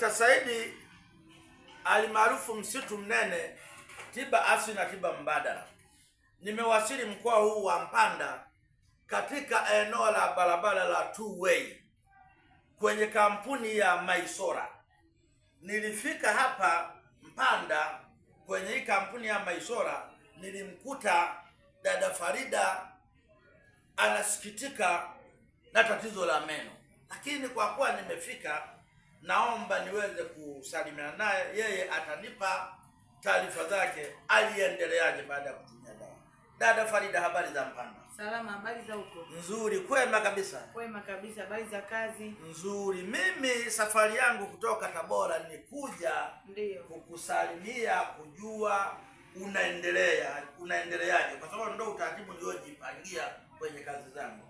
Dr. Saidi alimaarufu msitu mnene, tiba asili na tiba mbadala. Nimewasili mkoa huu wa Mpanda katika eneo la barabara la two way kwenye kampuni ya Maisora. Nilifika hapa Mpanda kwenye hii kampuni ya Maisora, nilimkuta dada Farida anasikitika na tatizo la meno, lakini kwa kuwa nimefika naomba niweze kusalimiana naye, yeye atanipa taarifa zake aliendeleaje baada ya kutumia dawa. Dada Farida, habari za Mpanda? Salama, habari za huko? Nzuri, kwema kabisa, kwema kabisa. Habari za kazi? Nzuri. Mimi safari yangu kutoka Tabora kuja ndio kukusalimia, kujua unaendelea unaendeleaje, kwa sababu ndio utaratibu niliojipangia kwenye kazi zangu.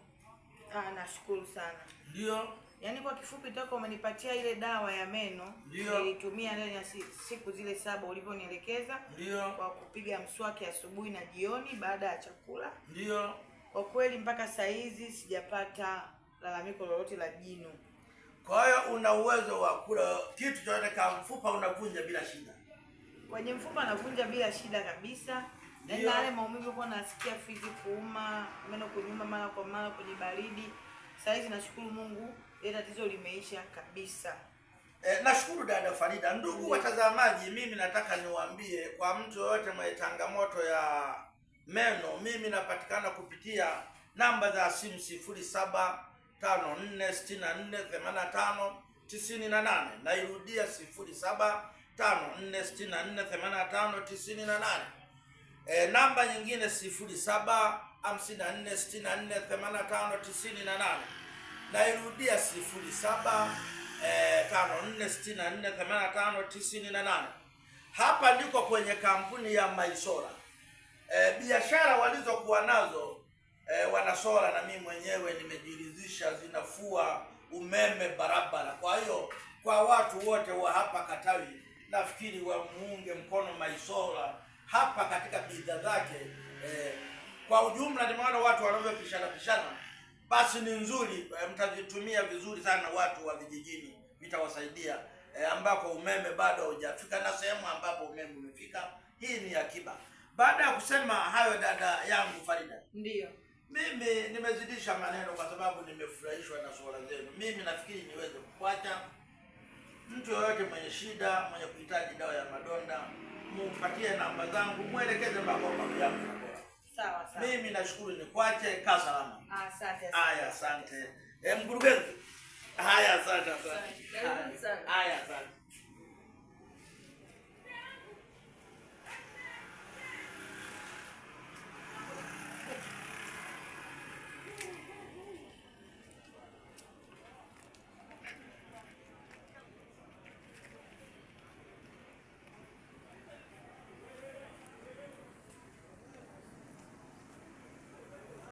Ah, nashukuru sana. Ndio. Yaani kwa kifupi toka umenipatia ile dawa ya meno nilitumia ndani ya siku zile saba ulivyonielekeza. Ndio. Kwa kupiga mswaki asubuhi na jioni baada ya chakula. Ndio. Kwa kweli mpaka saa hizi sijapata lalamiko lolote la jino. Kwa hiyo una uwezo wa kula kitu chochote kama mfupa unavunja bila shida. Kwenye mfupa anavunja bila shida kabisa. Nenda yaani yale maumivu kwa nasikia fizi kuuma, meno kunyuma mara kwa mara, baridi. Sasa hizi nashukuru Mungu, ile tatizo limeisha kabisa. Eh, nashukuru dada Farida. Ndugu watazamaji, mimi nataka niwaambie kwa mtu yoyote mwenye changamoto ya meno, mimi napatikana kupitia namba za simu 0754648598. Nairudia nane. E, namba nyingine 0754 64 Nairudia 0754 eh, Hapa ndiko kwenye kampuni ya Maisora. E, biashara walizokuwa nazo e, wanasora na mimi mwenyewe nimejiridhisha zinafua umeme barabara. Kwa hiyo kwa watu wote wa hapa Katawi, nafikiri wamuunge mkono Maisora hapa katika bidhaa zake eh, kwa ujumla. Nimeona watu wanavyopishana pishana, basi ni nzuri eh, mtavitumia vizuri sana watu wa vijijini, vitawasaidia eh, ambapo umeme bado haujafika na sehemu ambapo umeme umefika. Hii ni akiba. Baada ya kusema hayo, dada yangu Farida, ndio mimi nimezidisha maneno kwa sababu nimefurahishwa na suala zenu. Mimi nafikiri niweze kukwacha Mtu yoyote mwenye shida, mwenye kuhitaji dawa ya madonda, mumpatie namba zangu, mwelekeze mpaka mababu yangu. Sawa sawa. Mimi nashukuru, ni kwache ka salama. Asante. Haya, asante. Eh, mkurugenzi. Haya, asante. Haya, asante.